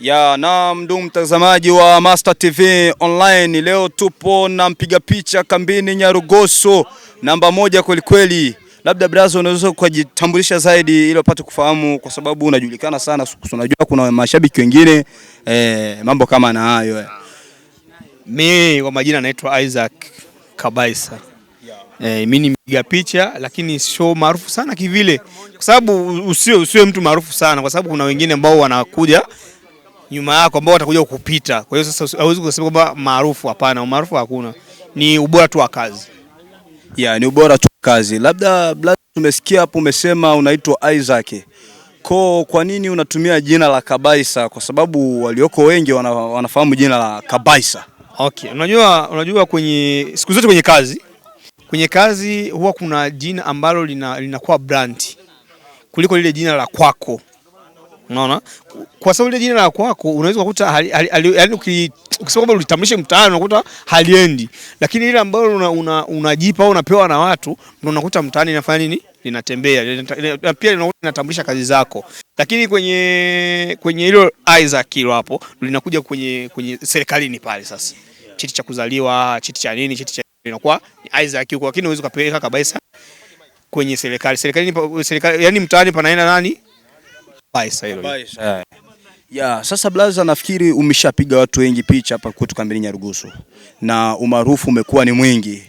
Ya na ndugu mtazamaji wa Master TV online, leo tupo na mpiga picha kambini Nyarugoso namba moja kwelikweli. Labda brazo, unaweza kujitambulisha zaidi ili wapate kufahamu, kwa sababu unajulikana sana, unajua kuna mashabiki wengine eh, mambo kama na hayo. Eh. Mi kwa majina naitwa Isaac Kabaisa. Eh, mimi ni mpiga picha lakini sio maarufu sana kivile, kwa sababu usio usio mtu maarufu sana, kwa sababu kuna wengine ambao wanakuja nyuma yako ambao watakuja kukupita. Kwa hiyo sasa hauwezi kusema kwamba maarufu, hapana, maarufu hakuna, ni ubora tu wa kazi yeah, ni ubora tu wa kazi. Labda tumesikia hapo umesema unaitwa Isaac ko, kwa nini unatumia jina la Kabaisa? Kwa sababu walioko wengi wana, wanafahamu jina la Kabaisa. Okay, unajua unajua kwenye siku zote kwenye kazi kwenye kazi huwa kuna jina ambalo linakuwa lina brand kuliko lile jina la kwako Unaona, kwa sababu ile jina la kwako unaweza kukuta yaani, ukisema kwamba ulitambulishe mtaani unakuta haliendi, lakini ile ambayo unajipa una, una au unapewa na watu ndio unakuta mtaani inafanya nini, linatembea na pia linatambulisha kazi zako. Lakini kwenye kwenye hilo Isaac hilo hapo linakuja kwenye kwenye serikalini pale sasa, cheti cha kuzaliwa, cheti cha nini, cheti cha inakuwa Isaac huko, lakini unaweza kupeleka kabisa kwenye serikali serikalini, serikali yani mtaani panaenda nani Baisa hilo. Baisa. Yeah. sasa blaza, nafikiri umeshapiga watu wengi picha hapa kwetu kambini Nyarugusu na umaarufu umekuwa ni mwingi.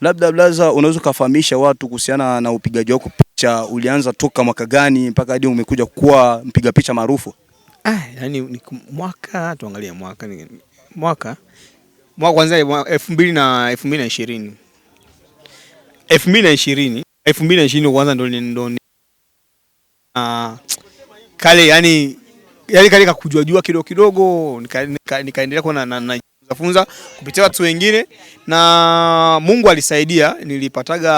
Labda blaza, unaweza ukafahamisha watu kuhusiana na upigaji wako picha, ulianza toka mwaka gani mpaka hadi umekuja kuwa mpiga picha maarufu? Ah, yani ni mwaka tuangalie mwaka ni mwaka mwaka kwanza elfu mbili na elfu mbili na ishirini elfu mbili na ishirini elfu mbili na ishirini kwanza ndo ndo ah kale yani yale kale kakujua jua kidogo kidogo, nikaendelea nika, nika kwa na, na, kupitia watu wengine, na Mungu alisaidia. Nilipataga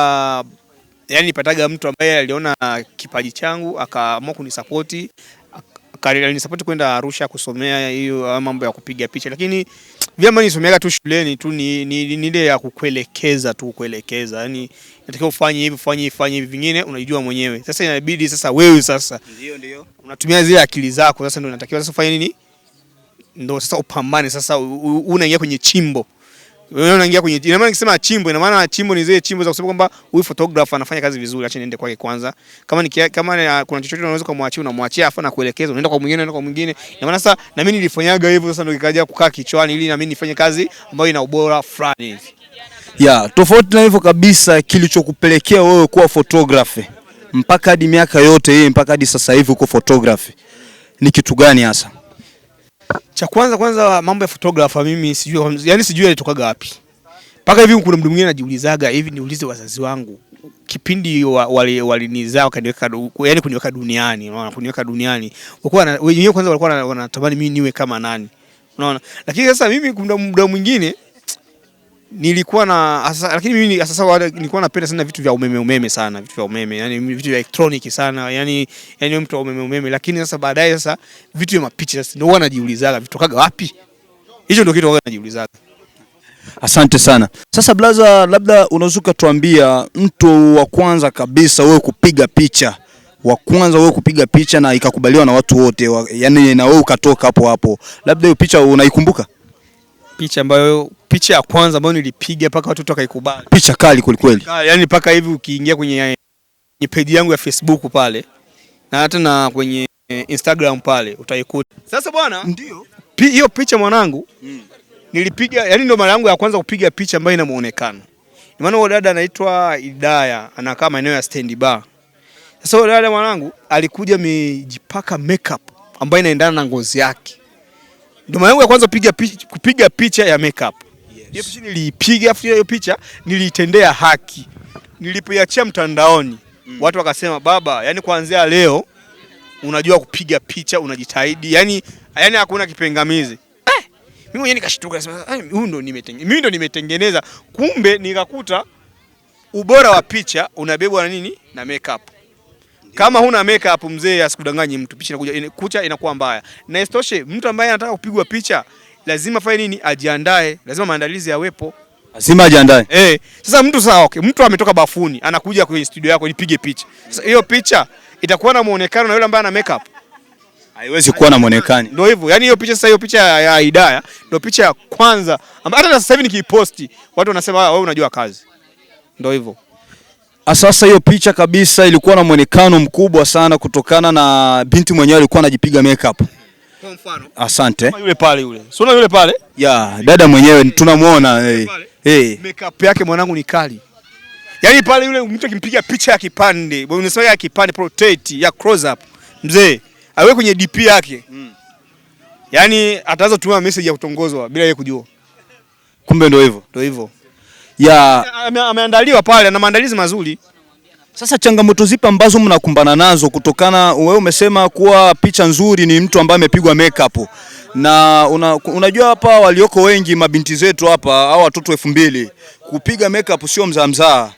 yani nipataga mtu ambaye aliona kipaji changu akaamua kunisapoti alinisapoti kwenda Arusha kusomea hiyo ah, mambo ya kupiga picha, lakini vyama nisomeaga tu shuleni tu ni ile ya kukuelekeza tu kuelekeza, yani natakiwa ufanye hivi ufanye hivi ufanye hivi, vingine unajua mwenyewe. Sasa inabidi sasa wewe sasa ndio ndio unatumia zile akili zako sasa, ndio unatakiwa sasa ufanye nini, ndio sasa upambane sasa, unaingia kwenye chimbo wewe unaingia kwenye, ina maana nikisema chimbo, ina maana chimbo ni zile chimbo za kusema kwamba huyu photographer anafanya kazi vizuri, acha niende kwake kwanza. Kama ni kama ni, ah, kuna chochote unaweza kumwachia, unamwachia afa na kuelekeza, unaenda kwa mwingine, unaenda kwa mwingine. Ina maana sasa na mimi nilifanyaga hivyo, sasa ndio ikaja kukaa kichwani, ili na mimi nifanye kazi ambayo ina ubora fulani hivi. Yeah, tofauti na hivyo kabisa, kilichokupelekea wewe kuwa photographer mpaka hadi miaka yote hii mpaka hadi sasa hivi uko photography ni kitu gani hasa? Cha kwanza kwanza, mambo ya photographer mimi sijui, yani sijui alitokaga wapi mpaka hivi. Kuna mtu mwingine anajiulizaga hivi, niulize wazazi wangu kipindi walinizaa wakaniweka, yani kuniweka duniani, unaona, kuniweka duniani, walikuwa wenyewe kwanza walikuwa wanatamani mimi niwe kama nani, unaona. Lakini sasa mimi kuna muda mwingine nilikuwa na lakini mimi sasa nilikuwa napenda sana vitu vya umeme umeme sana vitu vya umeme yani vitu vya electronic sana yani yani mtu wa umeme umeme, lakini sasa baadaye sasa vitu vya mapicha sasa ndio wanajiulizaga vitokaga wapi. Hicho ndio kitu wanajiulizaga. Asante sana. Sasa blaza, labda unaweza ukatuambia mtu wa kwanza kabisa wewe kupiga picha wa kwanza wewe kupiga picha na ikakubaliwa na watu wote, yani na wewe ukatoka hapo hapo, labda hiyo picha unaikumbuka? picha ambayo picha ya kwanza ambayo nilipiga mpaka watu wakaikubali. Picha kali kwelikweli, yaani mpaka hivi ukiingia kwenye peji yangu ya Facebook pale na hata na kwenye eh, Instagram pale utaikuta. Sasa bwana, ndio hiyo picha mwanangu, mm. nilipiga yani, ndio mara yangu ya kwanza kupiga picha ambayo ina Ni Maana huyo dada anaitwa Idaya, anakaa maeneo ya Stand Bar. Sasa huyo dada mwanangu alikuja amejipaka makeup ambayo inaendana na ngozi yake Ndomaana yangu ya kwanza piga picha, kupiga picha ya makeup. Hiyo picha nilipiga, afu hiyo picha niliitendea haki. Nilipoiachia mtandaoni, mm. Watu wakasema baba, yani kuanzia leo unajua kupiga picha, unajitahidi. Yani yani hakuna kipingamizi. Eh, mimi mwenyewe nikashtuka nasema, huyu ndo nimetengeneza. Mimi ndo nimetengeneza. Kumbe nikakuta ubora wa picha unabebwa na nini? Na makeup. Kama huna makeup mzee, asikudanganye mtu, picha inakuja kucha inakuwa mbaya. Na isitoshe mtu ambaye anataka kupigwa picha lazima fanye nini? Ajiandae, lazima maandalizi yawepo, lazima ajiandae. Eh, sasa mtu sawa, okay, mtu ametoka bafuni anakuja kwenye studio yako nipige picha. Sasa hiyo picha itakuwa na muonekano na yule ambaye ana makeup haiwezi kuwa na muonekano. Ndio hivyo. Yaani hiyo picha sasa hiyo picha ya Hidaya ndio picha ya kwanza. ambayo Hata sasa hivi nikiposti watu wanasema ah, wewe unajua kazi. Ndio hivyo. Ah, sasa hiyo picha kabisa ilikuwa na mwonekano mkubwa sana kutokana na binti mwenyewe alikuwa anajipiga makeup. Kwa mfano. Asante. Kama yule pale yule. Si unaona yule pale? Ya, dada mwenyewe tunamuona. Eh. Eh. Hey. Makeup yake mwanangu ni kali. Yaani pale yule mtu akimpiga picha ya kipande, bwana unasema ya kipande portrait ya close up. Mzee, awe kwenye DP yake. Mm. Yaani ataanza kutuma message ya kutongozwa bila yeye kujua. Kumbe ndio hivyo. Ndio hivyo ya ameandaliwa pale na maandalizi mazuri. Sasa changamoto zipi ambazo mnakumbana nazo kutokana, wewe umesema kuwa picha nzuri ni mtu ambaye amepigwa makeup na una, unajua hapa walioko wengi mabinti zetu hapa au watoto elfu mbili kupiga makeup sio mzaamzaa.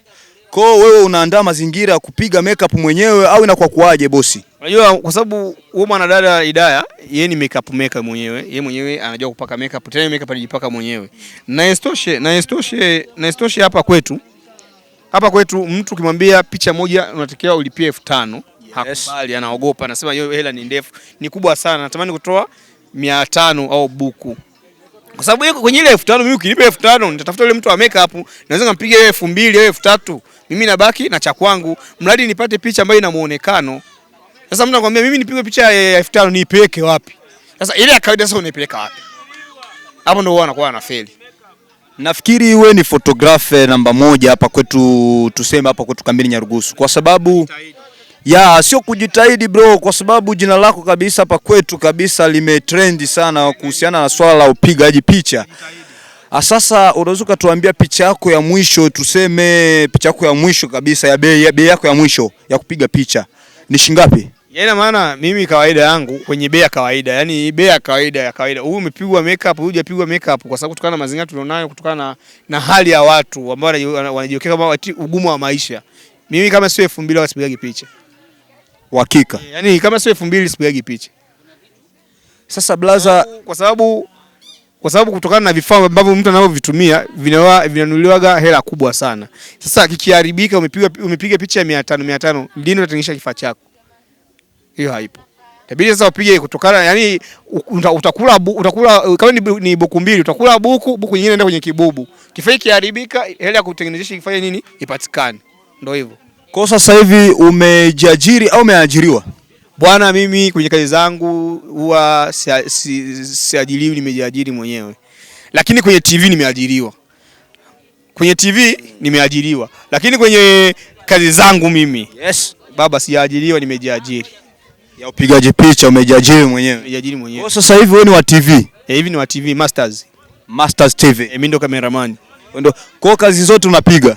Kwa wewe unaandaa mazingira ya kupiga makeup mwenyewe au inakuwa kuaje bosi? Unajua kwa sababu wewe mwanadada Idaya, yeye ni makeup maker mwenyewe, yeye mwenyewe anajua kupaka makeup, tena makeup anajipaka mwenyewe. Na istoshe, na istoshe, na istoshe hapa kwetu. Hapa kwetu mtu ukimwambia picha moja unatakiwa ulipie elfu tano. Yes. Hakubali, anaogopa, anasema hiyo hela ni ndefu, ni kubwa sana, natamani kutoa mia tano au buku. Kwa sababu yuko kwenye ile 5000 mimi ukinipa 5000 nitatafuta yule mtu wa makeup, naweza ngampiga yeye 2000 au 3000. Mimi nabaki na cha kwangu, mradi nipate picha ambayo ina muonekano. Sasa mtu anakuambia mimi nipige picha ya 5000 niipeleke wapi? Sasa ile ya kawaida sasa unaipeleka wapi? Hapo ndio wanakuwa anafeli. Nafikiri wewe ni photographer namba moja hapa kwetu, tuseme hapa kwetu kambini Nyarugusu kwa sababu ya sio kujitahidi bro, kwa sababu jina lako kabisa hapa kwetu kabisa limetrendi sana kuhusiana na swala la upigaji picha. Ah, sasa unaweza ukatuambia picha yako ya mwisho, tuseme picha yako ya mwisho kabisa ya bei, ya bei yako ya mwisho ya kupiga picha ni shingapi? Ina maana mimi kawaida yangu kwenye bei ya kawaida, yani bei ya kawaida ya kawaida, huyu umepigwa makeup, huyu hajapigwa makeup, kwa sababu kutokana na mazingira tulionayo, kutokana na hali ya watu ambao wanajiokea kama ugumu wa maisha. Mimi kama sio elfu mbili sipigagi picha uhakika. Yaani kama sio elfu mbili sipigagi picha. Sasa blaza, kwa sababu kwa sababu kutokana na vifaa ambavyo mtu anavyovitumia vinawa vinanuliwaga hela kubwa sana. Sasa kikiharibika, umepiga umepiga picha ya 500 500, lini utatenganisha kifaa chako? Hiyo haipo. Tabidi sasa upige kutokana, yani utakula utakula eh, kama ni, ni buku mbili, utakula buku buku nyingine inaenda kwenye kibubu. Kifaa kiharibika, hela ya kutengenezesha kifaa nini ipatikane. Ndio hivyo. Kwa sasa hivi umejiajiri au umeajiriwa? Bwana, mimi kwenye kazi zangu huwa siajiriwi, si, si nimejiajiri mwenyewe, lakini kwenye TV nimeajiriwa, kwenye TV nimeajiriwa, lakini kwenye kazi zangu mimi yes, baba sijaajiriwa, nimejiajiri. Ya upigaji picha umejiajiri mwenyewe? Nimejiajiri mwenyewe. Kwa sasa hivi wewe ni wa TV? Eh, hivi ni wa TV Masters, Masters TV. Eh, mimi ndo cameraman. Ndio. Kwa kazi zote unapiga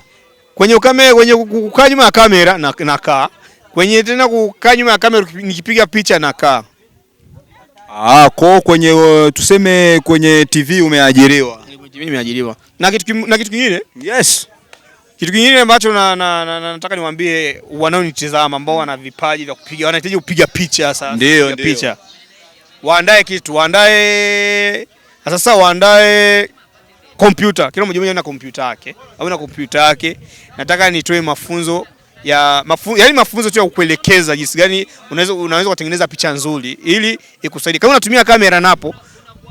kwenye ukame, kwenye kukaa nyuma ya kamera na nakaa kwenye tena kukaa nyuma ya kamera nikipiga picha nakaa. Ah, ko kwenye uh, tuseme kwenye TV umeajiriwa. Kwenye nimeajiriwa. Na kitu na kitu kingine? Yes. Kitu kingine ambacho na, na, na, na, nataka niwaambie wanaonitazama ambao wana vipaji vya kupiga, wanahitaji kupiga picha sasa. ndio. Picha. Waandae kitu, waandae sasa waandae kompyuta. Kila mmoja ana kompyuta yake au na kompyuta yake. Nataka nitoe mafunzo ya mafu, yani mafunzo tu ya kukuelekeza jinsi gani unaweza unaweza kutengeneza picha nzuri ili ikusaidie. Kama unatumia kamera napo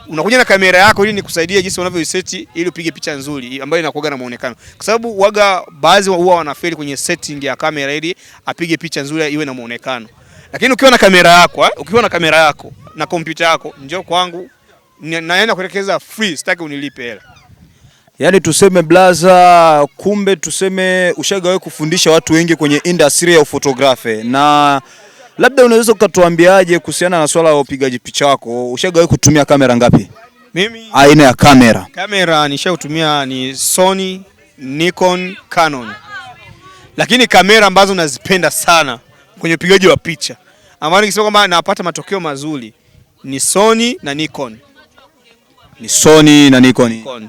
unakuja na kamera yako ili nikusaidie jinsi unavyoiseti ili upige picha nzuri ambayo inakuwa na muonekano, kwa sababu waga baadhi huwa wanafeli kwenye setting ya kamera ili apige picha nzuri iwe na muonekano. Lakini ukiwa na kamera yako eh, ukiwa na kamera yako na kompyuta yako, njoo kwangu, naenda yaani kuelekeza free, sitaki unilipe hela yani tuseme blaza, kumbe tuseme ushagawe kufundisha watu wengi kwenye industry ya ufotografe, na labda unaweza ukatuambiaje kuhusiana na swala la upigaji picha wako, ushagawe kutumia kamera ngapi? Mimi aina ya kamera kamera nishautumia ni Sony, Nikon, Canon, lakini kamera ambazo nazipenda sana kwenye upigaji wa picha ambayo nikisema kwamba napata matokeo mazuri ni Sony na Nikon. Ni Sony na Nikon. Nikon.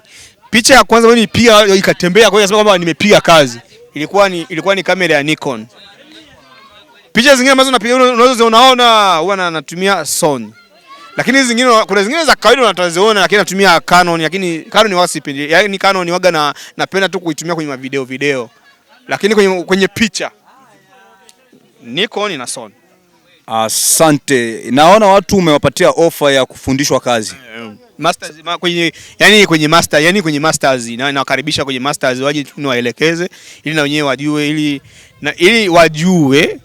Picha ya kwanza mimi pia ikatembea, kwa hiyo nasema kwamba nimepiga kazi. Ilikuwa ni ilikuwa ni kamera ya Nikon. Picha zingine ambazo napiga unaweza unaona huwa natumia Sony. Lakini zingine kuna zingine za kawaida unataziona, lakini natumia Canon, lakini Canon wasi sipendi. Yaani Canon ni waga na napenda tu kuitumia kwenye video video. Lakini kwenye kwenye picha Nikon na Sony. Asante. Naona watu umewapatia ofa ya kufundishwa kazi. Yeah masters ma, kwenye yani kwenye master yani kwenye masters na nakaribisha kwenye masters waje niwaelekeze ili na wenyewe wajue ili na, ili wajue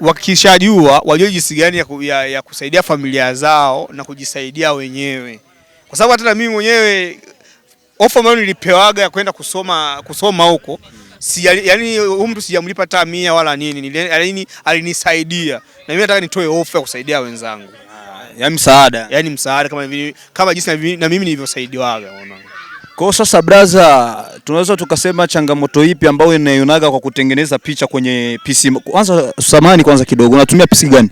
wakishajua wajue jinsi gani ya, ya, ya kusaidia familia zao na kujisaidia wenyewe, kwa sababu hata na mimi mwenyewe ofa ambayo nilipewaga ya kwenda kusoma kusoma huko si, yani huyu mtu sijamlipa hata mia wala nini, alinisaidia na mimi nataka nitoe ofa ya kusaidia wenzangu ya yaani msaada, yani msaada kama hivi, kama jinsi na mimi nilivyosaidiwaga. Kwa sasa braza, tunaweza tukasema changamoto ipi ambayo inayonaga kwa kutengeneza picha kwenye PC? Kwanza samani kwanza kidogo, unatumia PC gani?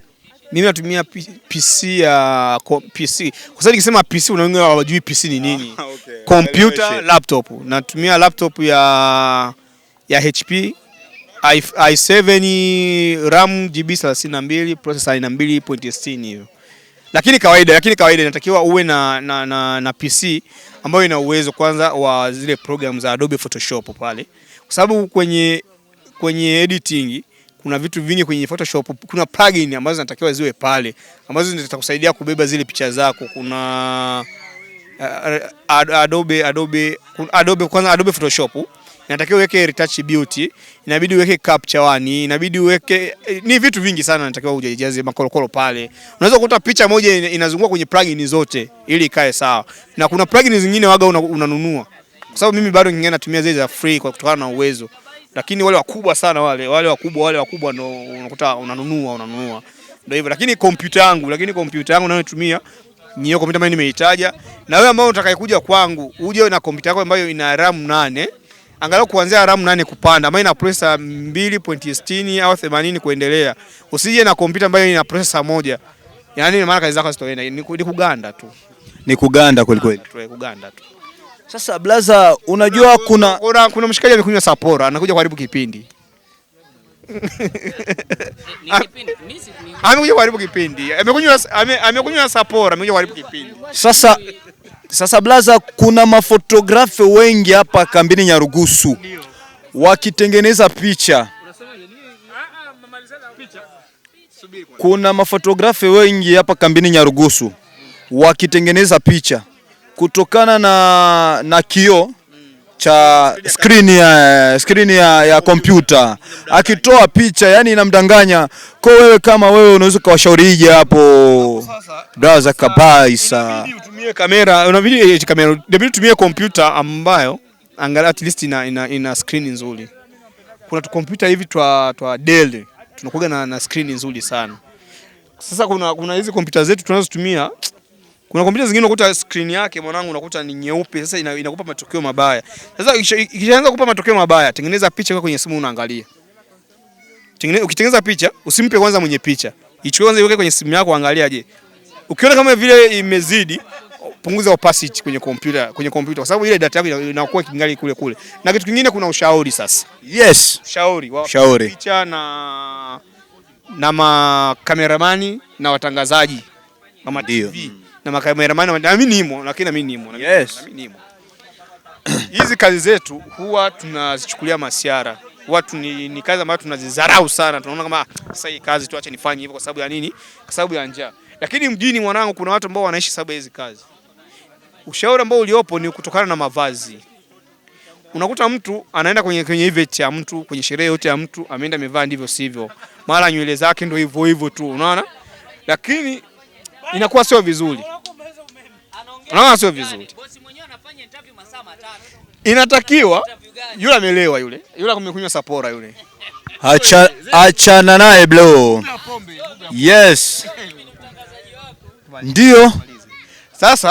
Mimi natumia PC ya PC. Kwa sababu nikisema PC unaona hawajui PC ni ah, nini. Ah, okay. Computer, laptop. Natumia laptop ya ya HP i7 RAM GB 32 processor 2.60 hiyo lakini kawaida lakini kawaida inatakiwa uwe na, na, na, na PC ambayo ina uwezo kwanza wa zile program za Adobe Photoshop pale, kwa sababu kwenye kwenye editing kuna vitu vingi kwenye Photoshop, kuna plugin ambazo zinatakiwa ziwe pale ambazo zitakusaidia kubeba zile picha zako. Kuna eh, eh, Adobe Adobe Adobe kwanza Adobe Photoshop inatakiwa uweke retouch beauty, inabidi uweke capture wani, inabidi uweke ni vitu vingi sana inatakiwa ujajaze makorokoro pale. Unaweza kukuta picha moja inazunguka kwenye plugin zote ili ikae sawa, na kuna plugin zingine waga unanunua, kwa sababu mimi bado ningeenda tumia zile za free kwa kutokana na uwezo, lakini wale wakubwa sana wale wale wakubwa wale wakubwa ndo unakuta unanunua unanunua, ndio hivyo. Lakini kompyuta yangu lakini kompyuta yangu nayotumia niyo kompyuta ambayo nimeitaja, na wewe ambao utakayekuja kwangu uje na kompyuta yako ambayo ina RAM nane angalau kuanzia RAM nane kupanda ambayo ina processor mbili pointi 2.60 au themanini kuendelea. Usije na kompyuta ambayo ina processor moja. Yaani maana kazi zako zitoenda, ni kuganda tu. Ni kuganda kweli kweli. Ni eh, kuganda tu. Sasa blaza, unajua kuna kuna, kuna mshikaji amekunywa Sapora anakuja kuharibu kipindi. Amekuja kuharibu kipindi. Amekunywa amekunywa Sapora amekuja kuharibu kipindi. Sasa sasa blaza, kuna mafotografe wengi hapa kambini Nyarugusu wakitengeneza picha. Kuna mafotografe wengi hapa kambini Nyarugusu wakitengeneza picha kutokana na, na kioo cha skrini ya, skrini ya, ya kompyuta akitoa picha yani inamdanganya. Kwa wewe kama wewe unaweza ukawashaurije hapo za kabaisa, Utumie kamera, unabidi eh, kamera, inabidi utumie kompyuta ambayo angalau at least ina, ina, ina skrini nzuri. Kuna kompyuta hivi twa twa Dell tunakuwa na, na skrini nzuri sana. Sasa kuna kuna hizi kompyuta zetu tunazotumia kuna kompyuta zingine unakuta screen yake mwanangu, unakuta ni nyeupe, sasa inakupa matokeo mabaya. Sasa ikishaanza kupa matokeo mabaya, tengeneza picha kwa kwenye simu unaangalia. Tengeneza, ukitengeneza picha, usimpe kwanza mwenye picha. Ichukue kwanza iweke kwenye simu yako angalia je. Ukiona kama vile imezidi, punguza opacity kwenye kompyuta, kwenye kompyuta kwa sababu ile data yako inakuwa kingali kule kule. Na kitu kingine kuna ushauri sasa. Yes, ushauri wa ushauri. Picha na na makameramani na watangazaji kama TV na makameramani na mimi nimo, lakini na mimi nimo, na mimi nimo. Hizi kazi zetu huwa tunazichukulia masiara watu ni, ni kazi ambayo tunazidharau sana. Tunaona kama ah, sasa hii kazi tuache nifanye hivyo kwa sababu ya nini? Kwa sababu ya njaa. Lakini mjini, mwanangu, kuna watu ambao wanaishi sababu hizi kazi. Ushauri ambao uliopo ni kutokana na mavazi. Unakuta mtu anaenda kwenye kwenye event ya mtu, kwenye sherehe yote ya mtu, ameenda amevaa ndivyo sivyo, mara nywele zake ndio hivyo hivyo tu, unaona, lakini inakuwa sio vizuri. Unaona sio vizuri. Bosi mwenyewe anafanya interview masaa matatu. Inatakiwa yule amelewa yule. Yule amekunywa Sapora yule. Acha achana naye bro. Yes. Ndio. Sasa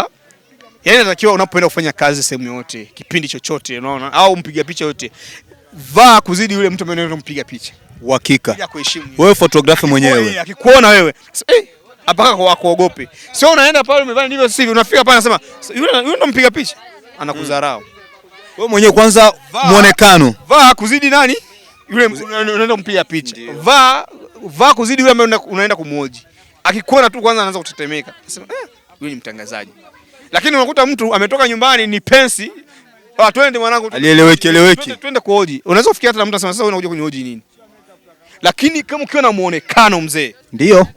yani inatakiwa unapoenda kufanya kazi sehemu yote, kipindi chochote unaona au mpiga picha yote. Vaa kuzidi yule mtu ambaye unampiga picha. Uhakika. Wewe photographer mwenyewe. Akikuona wewe. Eh. Apaka kwa kuogope. Sio unaenda pale umevaa ndivyo sivyo, unafika pale unasema yule yule ndo mpiga picha anakudharau. Hmm. Wewe mwenyewe kwanza muonekano. Vaa kuzidi nani? Yule unaenda kumpiga picha. Vaa vaa kuzidi yule ambaye unaenda kumwoji. Akikuona tu kwanza anaanza kutetemeka. Anasema eh, yule ni mtangazaji. Lakini unakuta mtu ametoka nyumbani ni pensi. Ah, twende mwanangu. Alieleweki eleweki. Twende kuoji. Unaweza kufikia hata mtu anasema sasa wewe unakuja kunioji nini? Lakini kama ukiwa na muonekano mzee. Ndio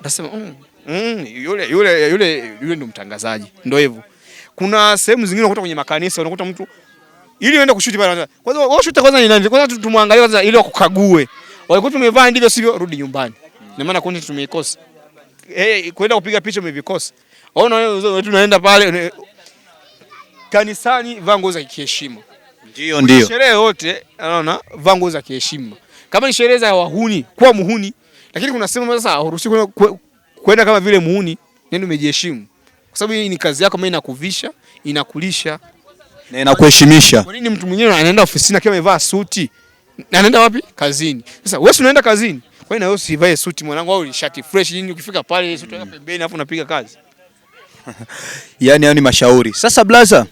utasema mm, mm, yule yule yule yule ndo mtangazaji. Ndio hivyo. Kuna sehemu zingine unakuta kwenye makanisa unakuta mtu ili uende kushuti pale kwanza, wao shuti kwanza ni nani kwanza, tumwangalie kwanza ili wakukague, kwetu tumevaa ndivyo sivyo, rudi nyumbani. Na maana kundi tumeikosa eh, kwenda kupiga picha umevikosa. Ona wewe tunaenda pale kanisani, vaa nguo za kiheshima. Ndio, ndio sherehe yote, unaona, vaa nguo za kiheshima. Kama ni sherehe za wahuni, kuwa muhuni lakini kuna sehemu sasa huruhusi kwenda kama vile muuni, yani umejiheshimu, kwa sababu hii ni kazi yako, mimi inakuvisha, inakulisha na inakuheshimisha. Kwa nini mtu mwingine anaenda ofisini akiwa amevaa suti na anaenda wapi? Kazini. Sasa wewe si unaenda kazini, kwa nini wewe usivae suti mwanangu, au shati fresh nini? Ukifika pale suti yako mm. pembeni, afu unapiga kazi yani hayo ni mashauri. Sasa blaza,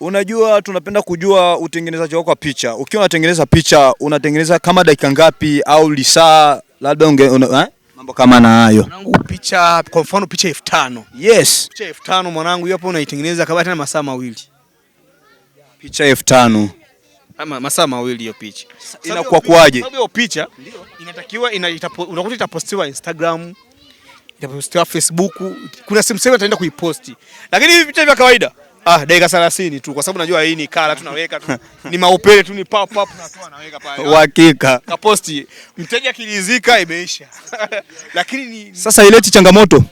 unajua tunapenda kujua utengenezaji wako wa picha. Ukiwa unatengeneza picha unatengeneza kama dakika ngapi au lisaa labda unge eh? mambo kama na hayo mwanangu, picha kwa mfano picha elfu tano yes, picha elfu tano mwanangu, hiyo hapo unaitengeneza kabla tena masaa mawili, picha elfu tano ama ah, masaa mawili hiyo picha inakuwa kwaje? Sababu hiyo picha inatakiwa ina, unakuta itapostiwa Instagram, itapostiwa Facebook, kuna simu sehemu ataenda kuiposti, lakini hivi picha vya kawaida Ah, dakika 30 tu kwa sababu najua hii ni kala tunaweka tu. Ni maupele tu ni pop pop tunatoa naweka pale. Uhakika. Kaposti mteja kilizika imeisha. Lakini ni sasa ileti changamoto.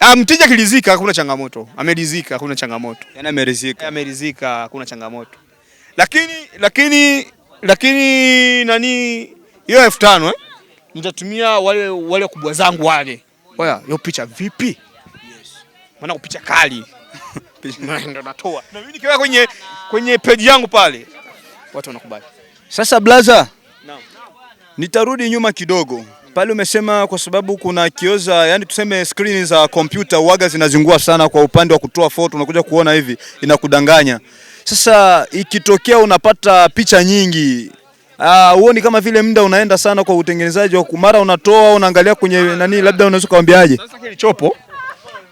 Ah, mteja kilizika hakuna changamoto. Amelizika hakuna changamoto. Yaani amerizika. Amerizika hakuna changamoto. Lakini lakini lakini nani hiyo elfu eh? Nitatumia wale wale kubwa zangu wale. Oya, hiyo picha vipi? Yes. Maana kupicha kali. ndo natoa na mimi nikiweka kwenye kwenye peji yangu pale watu wanakubali. Sasa blaza, naam, nitarudi nyuma kidogo pale umesema kwa sababu kuna kioza, yani tuseme skrini za kompyuta uaga zinazingua sana kwa upande wa kutoa foto, unakuja kuona hivi inakudanganya. Sasa ikitokea unapata picha nyingi ah, huoni, uh, kama vile muda unaenda sana kwa utengenezaji wa mara unatoa unaangalia kwenye nani, labda unaweza kuambiaje? Sasa kilichopo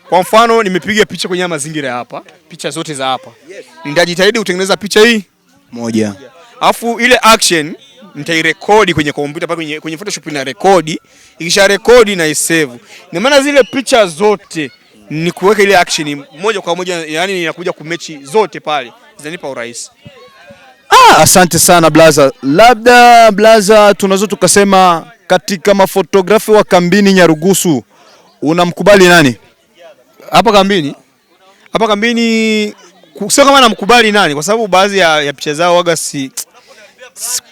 kwa mfano nimepiga picha kwenye mazingira hapa, picha zote za hapa, nitajitahidi kutengeneza picha hii moja, alafu ile action nitairekodi kwenye kompyuta pale kwenye, kwenye Photoshop ina rekodi. Ikisha rekodi na isave, Ni maana zile picha zote ni kuweka ile action moja kwa moja, yani inakuja kumechi zote pale, zinanipa urahisi. Ah, asante sana blaza. Labda blaza, tunaweza tukasema katika mafotografi wa kambini Nyarugusu unamkubali nani? hapa kambini, hapa kambini sio kama namkubali nani, kwa sababu baadhi ya, ya picha zao waga si,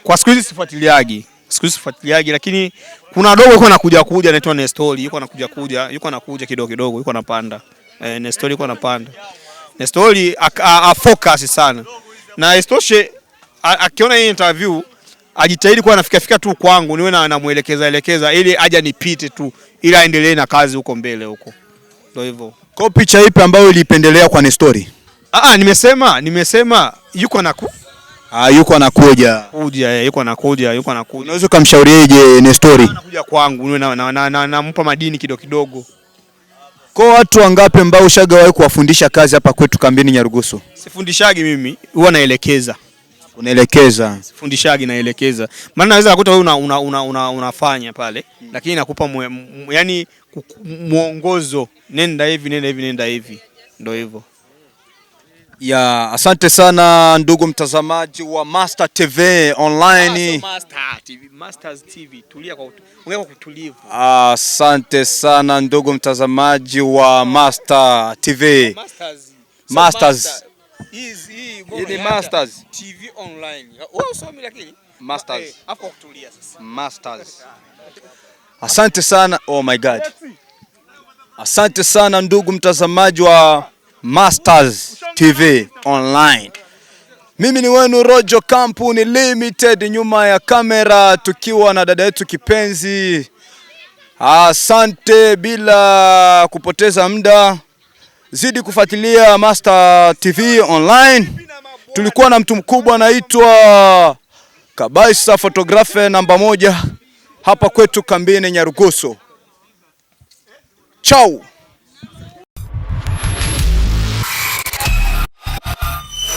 kwa siku hizi sifuatiliagi, siku hizi sifuatiliagi, lakini kuna dogo yuko anakuja kuja, anaitwa Nestori, yuko anakuja kuja, yuko anakuja kidogo kidogo, yuko anapanda eh, Nestori yuko anapanda Nestori afocus sana na istoshe, akiona hii interview ajitahidi kuwa anafika fika tu kwangu niwe na namuelekeza elekeza, ili aje nipite tu, ili aendelee na kazi huko mbele huko ndio hivyo. Kwa picha ipi ambayo ilipendelea kwa ni ah, ah, nimesema nimesema yuko ku Ah, yuko anakuja. Eh, kuja, yuko anakuja, yuko anakuja. Unaweza kumshauriaje ni Anakuja kwangu nampa na, na, na, na madini kidogo kidogo. Kwa watu wangapi ambao ushaga kuwafundisha kazi hapa kwetu kambini Nyarugusu? Sifundishagi mimi, huwa naelekeza unaelekeza fundishaji, naelekeza. Maana naweza kukuta wewe una, una, una, una, unafanya pale hmm. Lakini nakupa yani mwongozo, nenda hivi, nenda hivi, nenda hivi, ndio hivyo ya. Asante sana ndugu mtazamaji wa Master TV online. Ah, Master TV, Masters TV, tulia kwa ungea kwa kutulivu. Asante sana ndugu mtazamaji wa Master TV. Masters. So Masters. Masters. Hii ni masters TV online. Wewe Usomi lakini masters. Hapo kutulia sasa. Masters. Asante sana. Oh my God. Asante sana ndugu mtazamaji wa Masters TV online. Mimi ni wenu Rojo Kampuni Limited, nyuma ya kamera tukiwa na dada yetu kipenzi. Asante, bila kupoteza muda Zidi kufuatilia Master TV online. Tulikuwa na mtu mkubwa anaitwa Kabaisa photographer namba moja hapa kwetu kambini Nyarugusu. Chau.